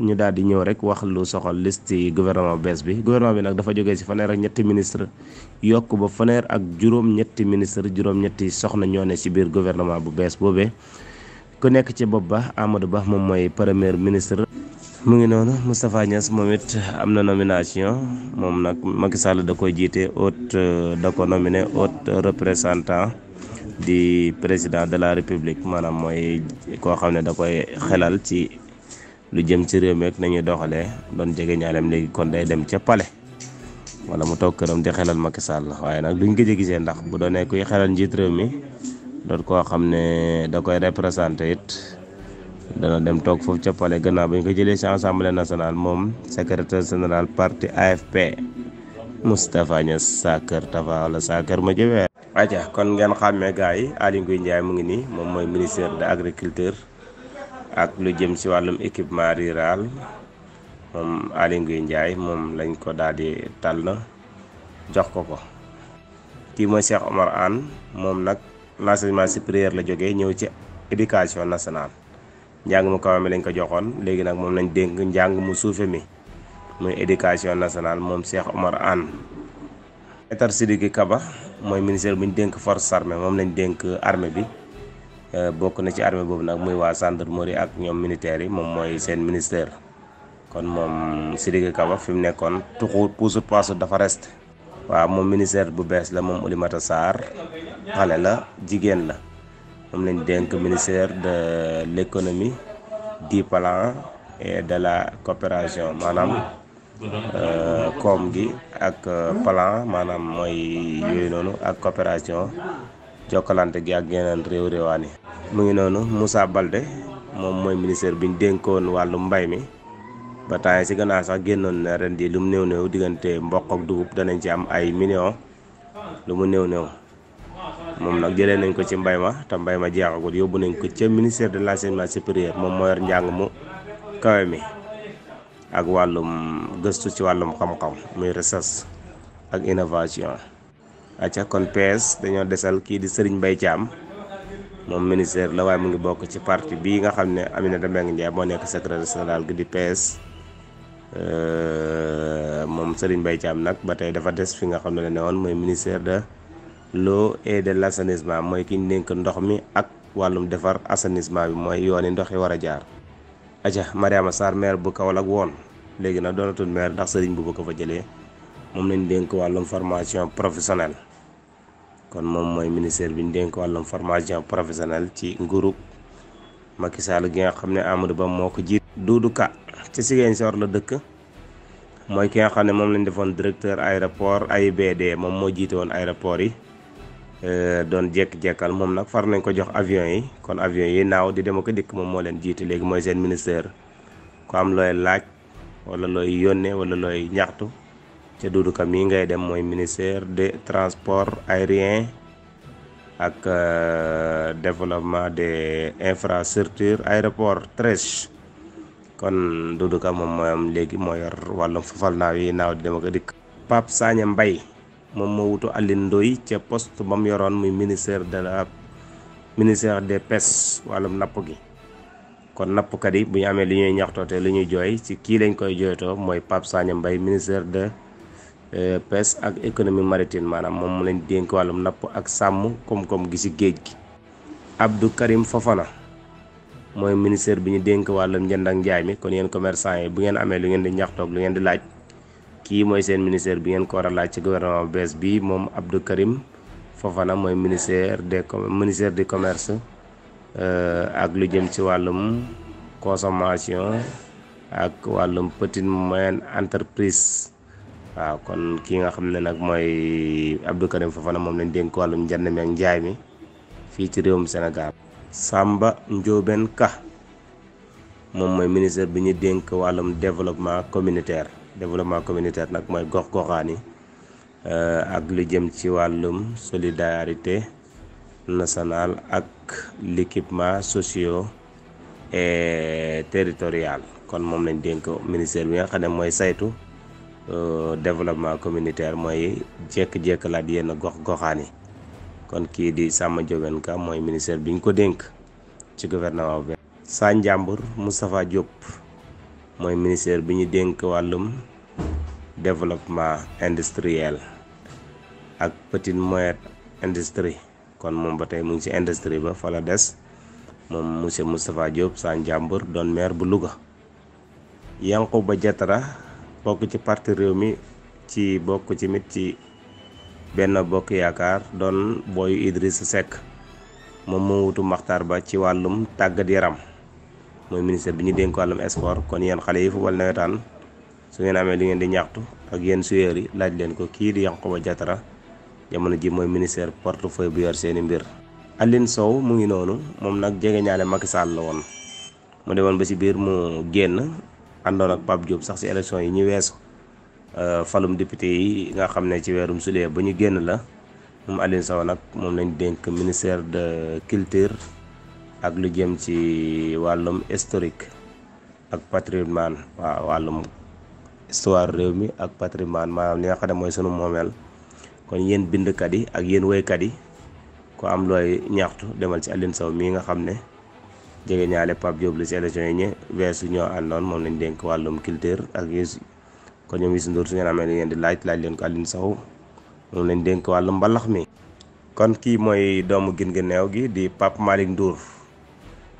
ñu daal di ñëw rek wax lu soxal liste yi gouvernement bees bi gouvernement bi nag dafa jógee ci fanweer ak ñetti ministre yokk ba fanweer ak juróom-ñetti ministre juróom-ñetti soxna ñoo ne ci biir gouvernement bu bees boobee ku nekk ci bopp ba Amadou Ba moom mooy premier ministre. mu ngi noonu Moustapha Niass moom it am na nomination moom nag Macky Sall da koy jiite haute da ko nominé haute représentant di président de la république maanaam mooy koo xam ne da koy xelal ci. lu jëm ci réew mi ak nañuy doxalee doon jege ñaalem léegi kon day dem ca pale wala mu toog këram di xelal Macky la waaye nag luñ ko a gisee ndax bu doonee kuy xelal njiit réew mi doot koo xam ne da koy représenté it dana dem toog foofu ca pale gannaaw ba ñu ko jëlee ci assemblée nationale moom secrétaire général partie AFP Moustapha Niass Sakar Tafa wala Sakar ma jëwee. aja kon ngeen xàmmee gars yi Aly Ngouille Ndiaye mu ngi nii moom mooy ministère de agriculture. ak lu jëm si wàllum équipement rural moom Aly Ngouille Ndiaye moom lañ ko daal di na jox ko ko kii mooy Cheikh Omar Anne moom nag l'enseignement supérieur la jógee ñëw ci éducation nationale njàng mu kaw mi lañ ko joxoon léegi nag moom lañ dénk njàng mu suufe mi muy éducation nationale moom Cheikh Omar Anne Maître Sidiki Kaba mooy ministère bu ñu dénk force armée moom lañ dénk arme bi Euh, bokk na ci armée boobu nag muy waa gendarmerie ak ñoom militaires yi moom mooy seen ministère kon moom Sidiki Kaba fi mu nekkoon tuxu puusut paasu dafa reste waaw moom ministère bu bees la moom Oulimata Sarr xale la jigéen la moom lañ dénk ministère de l' économie du plan de la coopération maanaam euh, koom gi ak euh, plan maanaam mooy yooyu noonu ak coopération jokkalante gi ak yeneen réew réewaan mu ngi noonu Moussa Balde moom mooy ministère bi ñu dénkoon wàllu mbay mi ba temps si gannaaw sax génnoon na ren di lu mu néew néew diggante mboq ak dugub danañ ci ay millions lu néew néew moom nag jëlee nañ ko ci mbay ma te mbay ma jeexagul yóbbu nañ ko ca ministère de l'enseignement supérieur moom moo yor njàng mu kawe mi ak wàllum gëstu ci wàllum xam-xam muy recherche ak innovation acca kon PS dañoo desal kii di Serigne Mbaye Thiam moom ministère la waaye mu ngi bokk ci parti bii nga xam ne Aminata Mbengue Ndiaye moo nekk secrétaire général gi di PS euh, moom Serigne Mbaye Thiam nag ba tey dafa des fi nga xam ne la ne woon mooy ministère de l'eau et de l'assainissement mooy ki ñu dénk ndox mi ak wàllum defar assainissement bi mooy yi ndox yi war a jaar acca Mariama Sarr maire bu Kaolack woon léegi nag doonatul maire ndax Serigne bu ko fa jëlee moom lañ dénk wàllum formation professionnelle kon moom mooy ministère bi ñu dénk wàllum formation professionnelle ci nguurug Macky Sall gi nga xam ne amadu Ba moo ko jiit Doudou Ka ci Ziguinchor la dëkk mooy ki nga xam ne moom lañ defoon directeur ay AIBD moom moo jiite woon aéroport yi euh, doon jekk-jekkal moom nag far nañ ko jox avion yi kon avion yi naaw di dem ak dikk moom moo leen jiite léegi mooy seen ministère ko am looy laaj wala looy yónnee walla looy ñaxtu ca Doudou mi ngay dem mooy ministère de transports aériens ak euh, développement des infrastructures aéroport treize kon Doudou Ka moom mooy am léegi moo yor wàllum fafal naaw yi naaw di dem ko dikk Pape Sagna mbay moom moo wutu Alioune Ndoye ca poste ba mu yoroon muy ministère de la ministère des pêches wàllum napp gi kon nappkat yi bu ñu amee li ñuy te li ñuy jooy ci kii lañ koy jooytoo mooy Pape Sagna mbay ministère de Euh, pes ak économie maritime maanaam moom mu leen dénk wàllum napp ak sàmm koom-koom gi ci géej gi Abdou Karim Fofana mooy ministère bi ñu dénk wàllum njënd ak njaay mi kon yéen commerçant yi bu ngeen amee lu ngeen di ñaxtoog lu ngeen di laaj kii mooy seen ministère bi ngeen ko war a laaj ci gouvernement bu bees bi moom Abdou Karim Fofana mooy ministère des ministère du commerce euh, ak lu jëm ci wàllum consommation ak wàllum petite moyenne entreprise waaw kon kii nga xam ne nag mooy Abdou Karim Fofana moom lañ dénk wàllum njënd mi ak njaay mi fii ci réewum Sénégal. Samba Ndiobène Ka moom mooy ministère bi ñu dénk wàllum développement communautaire développement communautaire nag mooy gox-goxaan yi euh, ak lu jëm ci wàllum solidarité nationale ak l'équipement socio et territorial kon moom lañ dénk ministère bi nga xam ne mooy saytu. Euh, développement communautaire mooy jekk-jekkalaat yenn gox goxaani kon kii di sàmm Ndiobène Ka mooy ministère bi ñu ko dénk ci gouvernement bi. Saa Njàmbur Moustapha Diop mooy ministère bi ñu dénk wàllum développement industriel ak petite moyenne industrie kon moom ba tey mu ngi ci industrie ba fa la des moom monsieur Moustapha Diop Saa Njàmbur doon maire bu Louga. ba jatara bokk ci parti réew mi ci bokk ci mit ci benn bokk yaakaar doon booyu Idrissa Seck moom moo wutu Makhtar Ba ci wàllum tàggat yaram mooy ministre bi ñu dénk wàllum sport kon yenn xale yi football nawetaan su ngeen amee li ngeen di ñaxtu ak yéen suyéer yi laaj leen ko kii di Yankhoba Diattara jamono ji mooy ministère portefeuille bu yor seeni mbir Aline Sow mu ngi noonu moom nag jege ñaale Macky Sall la woon mu demoon ba ci biir mu génn àndoon ak Pape Diop sax ci élection yi ñu weesu euh, falum député yi nga xam ne ci weerum sulee ba ñu génn la moom Alioune Sow nag moom lañ dénk ministère de culture ak lu jëm ci wàllum historique ak patrimoine waa wàllum histoire réew mi ak patrimoine maanaam li nga xam ne mooy sunu moomeel kon yéen bindkat yi ak yéen woykat yi ko am looy ñaxtu demal ci àllin Sow mii nga xam ne jege ñaale Pape Diop la ci élection yi ñe weesu ñoo àndoon moom lañ dénk wàllum culture ak musique ko ñoom Youssou su ngeen amee lu ngeen di laaj laaj leen ko Alioune Sow moom lañ dénk wàllum mbalax mi kon kii mooy doomu gin gi gi di Pape Malick Ndour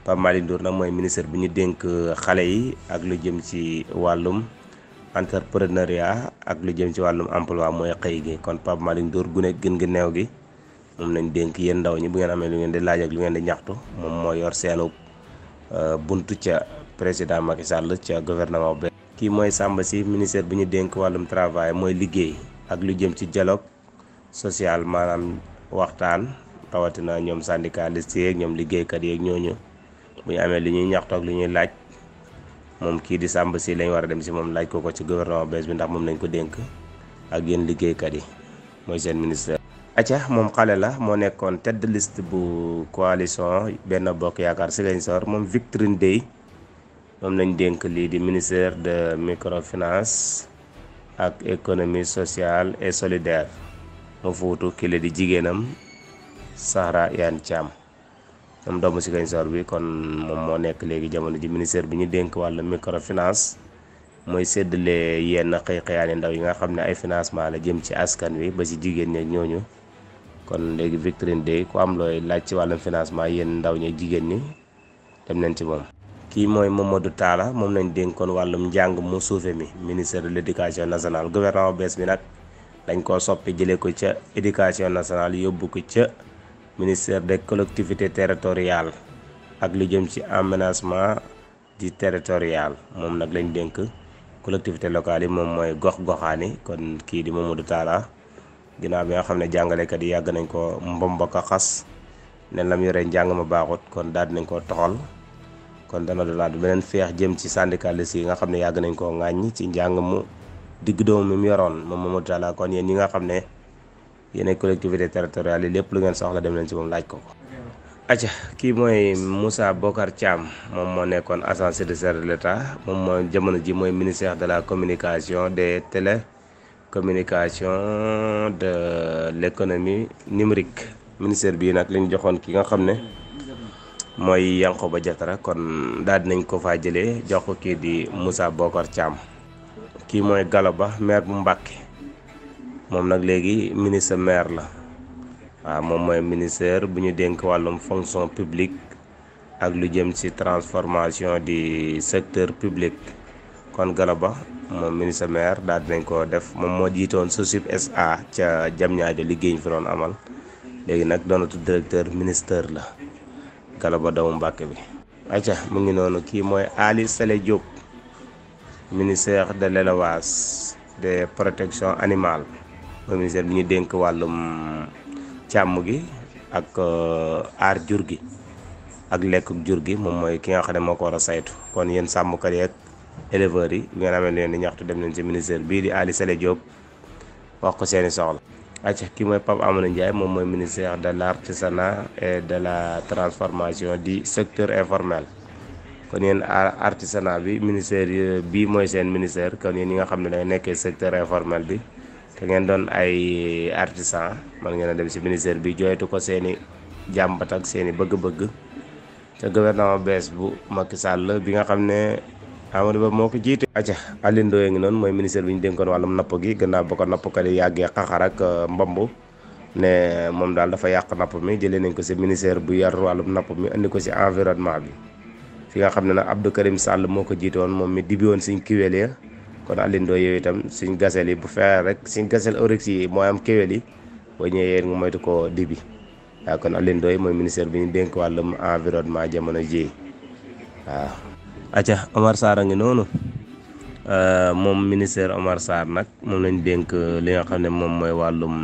Pape Malick Ndour nag mooy ministre bi ñu dénk xale yi ak lu jëm ci wàllum entrepreneuriat ak lu jëm ci wàllum emploi mooy xëy gi kon Pape Malick Ndour gune gin gi neew gi moom lañ dénk yéen ndaw ñi bu ngeen amee lu di laaj ak lu ngeen di ñaxtu moom moo yor seenu Euh, bunt ca président Macky Sall ca gouvernement bi kii mooy Samba si ministère bi ñu dénk wàllum travail mooy liggéey ak lu jëm ci dialogue social maanaam waxtaan rawatina ñoom syndicaliste yeeg ñoom liggéeykat yeeg ñooñu bu ñu amee li ñuy ñaxtoog ak lu ñuy laaj moom kii di Samba si lañ war a dem si moom laaj ko ko ci gouvernement bees bi ndax moom lañ ko dénk ak yéen liggéeykat yi mooy seen ministère. acca moom xale la moo nekkoon tête de liste bu coalition benn Bokk Yaakaar Ziguinchor moom Victorine Dey moom lañ dénk lii di ministère de microfinance ak économie sociale et solidaire mu fuutu kile di jigéenam Sahra Iyane Thiam moom doomu Ziguinchor bi kon moom moo nekk léegi jamono ji ministère bi ñu dénk wàllu microfinance mooy séddale yenn xëy xëyaani ndaw yi nga xam ne ay financement la jëm ci askan wi ba ci jigéen ñi ñooñu kon léegi Victorine Dey ku am looy laaj ci wàllum financement yéen ndaw ñi jigéen ni dem nañ ci moom. kii mooy Mamadou Talla moom lañ dénkoon wàllum njàng mu suufe mi ministère de l' éducation nationale gouvernement bees bi nag dañ koo soppee jëlee ko ca éducation nationale yóbbu ko ca ministère des collectivités territoriales ak lu jëm ci aménagement di territorial moom nag lañ dénk collectivité locale yi moom mooy gox goxaani kon kii di du Talla. ginnaaw bi nga xam ne jàngalekat yi yàgg nañ koo mbomba ka xas ne mu yore njàng mu baaxut kon daal nañ koo toxal kon dana dolaat beneen feex jëm ci syndicaliste yi nga xam ne yàgg nañ koo ŋàññi ci njàng mu digg doomu mi mu yoroon moom Mamadou Talla kon yéen ñi nga xam ne yéen ay collectivité territoriale yi lépp lu ngeen soxla dem leen ci moom laaj ko ko. acca kii mooy Moussa Bokar Thiam moom moo nekkoon agent de l'État moom moo jamono ji mooy ministère de la communication des télé. communication de l'économie numérique ministère bii nag li joxoon ki nga xam ne mooy Yankhoba Diattara kon daal nañ ko faa jëlee jox ko kii di Moussa Bokar Thiam kii mooy Gallo Ba maire bu Mbàkke moom nag léegi ministre maire la waaw moom mooy ministère bu ñu dénk wàllum fonction publique ak lu jëm ci transformation di secteur public kon Gallo Ba moom ministre maire daal dinañ koo def moom moo jiitoon SOSIP SA ca Diamniadio liggéey ñu fi roon amal léegi nag doonatu directeur ministère la Galaba Doomu Mbàkke bi acca mu ngi noonu kii mooy Ali Sele Diop ministère de l'élevage des protection animale mooy ministère bi ñu dénk wàllum càmm gi ak euh, aar jur gi ak lekk jur gi moom mooy ki nga xam ne moo ko war a saytu kon yéen sàmmkat yeeg éleveurs yi bi nga xamante ne ni ñaxtu dem nañ si ministère bii di Aly Sele Diop wax ko seeni soxla acca ki mooy Pape Amadou Ndiaye moom mooy ministère de l' artisanat et de la transformation di secteur informel kon yéen artisanat bi ministère bii mooy seen ministère kon yéen ñi nga xam ne da nekkee secteur informel bi te ngeen doon ay artisan man ngeen a dem si ministère bi jooytu ko seeni jàmbat ak seen i bëgg-bëgg te gouvernement bees bu Macky Sall bi nga xam ne Amadou Ba moo ko jiite aca Aly Ndoye ngi noonu mooy ministre bi ko nappkat yi yàggee xaxar ak euh, mbamb ne moom daal dafa yàq napp mi jëlee nañ ko si ministère bu yar wàllum napp mi indi ko si environnement bi fi nga xam ne nag Abdou Karim Sall moo ko jiite woon moom mi dibi woon suñ kiweel ya kon Aly Ndoye yooyu itam suñ gasel bu fexe rek suñ gasel oryx yi mooy am kiweel yi boo ñëwee yéen nga moytu koo dibi waaw kon Aly mooy ministère bi ñu dénk wàllum environnement jamono ji waaw acca Omar Sarr a ngi noonu euh, moom ministère Omar Sarr nag moom lañ dénk li nga xam ne moom mooy wàllum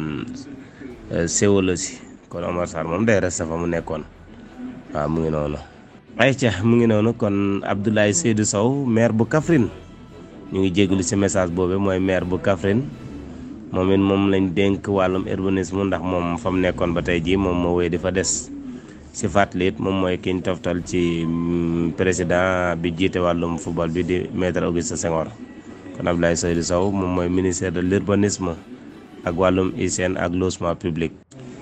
euh, séologie kon Omar Sarr moom day resta fa mu nekkoon waaw mu ngi noonu ayca mu ngi noonu kon Abdoulaye Seydou Sow maire bu kafrine ñu ngi jégalu si message boobu mooy maire bu Kaffrine moom it moom lañ dénk wàllum urbanisme ndax moom fa mu nekkoon ba tey jii moom moo wéy di fa des si fàttali it moom mooy ki toftal ci mm, président bi jiite wàllum football bi di maître Augustin Senghor kon Abdoulaye Seydou Sow moom mooy ministère de l'urbanisme ak wàllum hygiène ak logement public.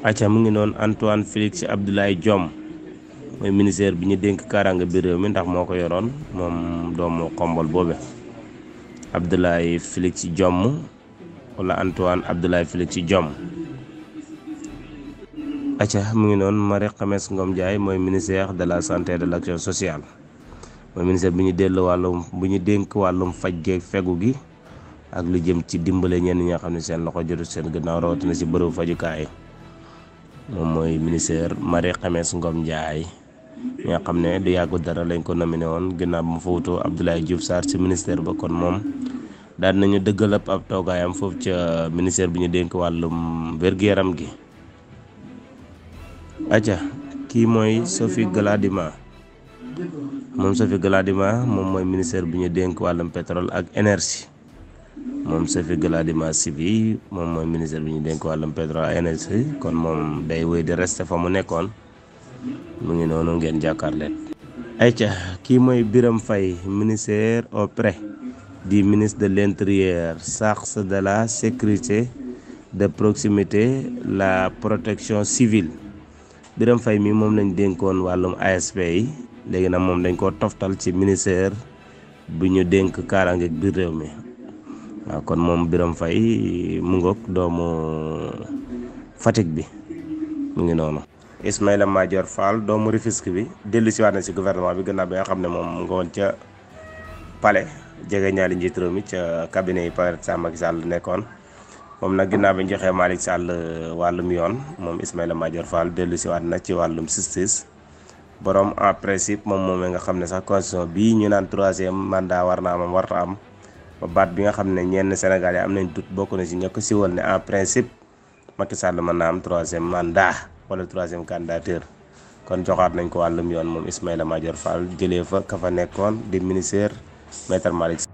acca mu ngi noonu Antoine Félix Abdoulaye Diome mooy ministère bi ñu dénk kaaraange biir réew mi ndax moo ko yoroon moom doomu xombol boobe Abdoulaye Félix Diome wala Antoine Abdoulaye Félix jomm acca mu ngi noonu Marie Khemesse Ngom Ndiaye mooy ministère de la santé de l' action sociale mooy ministère bi ñu bu ñu dénk wàllum faj geeg fegu gi ak lu jëm ci dimbale ñenn ñi nga xam ne seen loxo jotul seen gannaaw rawatina si bërëbu fajukaay moom mooy ministère Marie Khemesse Ngom Ndiaye ñi nga xam ne du yàggu dara lañ ko nominé woon ginnaaw ba mu fa wutoo Abdoulaye Diouf Sarr si ministère ba kon moom daan nañu dëggal ab ab toogaayam foofu ca ministère bi ñu dénk wàllum wér yaram gi. aca kii mooy Sophie Gladima moom Sophie Gladima moom mooy ministère bi ñu dénk wàllum pétrole ak énergie moom Sophie Gladima si bi moom mooy ministère bi ñu dénk wàllum pétrole ak énergie kon moom day woy di rester fa mu nekkoon mu ngi noonu ngeen jàkkaar leen ayca kii mooy biram fay ministère auprès di ministre de l'intérieur chargé de la sécurité de proximité la protection civile Birame fay mii moom lañ dénkoon wàllum ASP yi léegi nag moom dañ koo toftal ci ministère bi ñu dénk kaaraange ak biir réew mi waaw kon moom Birame fay mu doomu Fatick bi mu ngi noonu. Ismaïla Madior Fall doomu Rufisque bi dellu si waat na si gouvernement bi gannaaw bi nga xam ne moom mu nga woon ca palais jege ñaari njiit réew mi ca cabinet yi par Macky Sall nekkoon. moom nag ginnaaw bi ñu joxee Malick Sall euh, wàllum yoon moom Ismaïla Madior Fall dellu si waat ci wàllum justice borom en principe moom moomee nga xam ne sax constitution bii ñu naan troisième war naa am warta am baat bi nga xam ne ñenn Sénégal yi am nañ dut bokk na si ñëkk siwal ne en principe Macky Sall mën naa am troisième mandat wala troisième candidature kon joxaat nañ ko wàllum yoon moom Ismaïla Madior Fall jëlee fa ka fa nekkoon di ministère maître Malick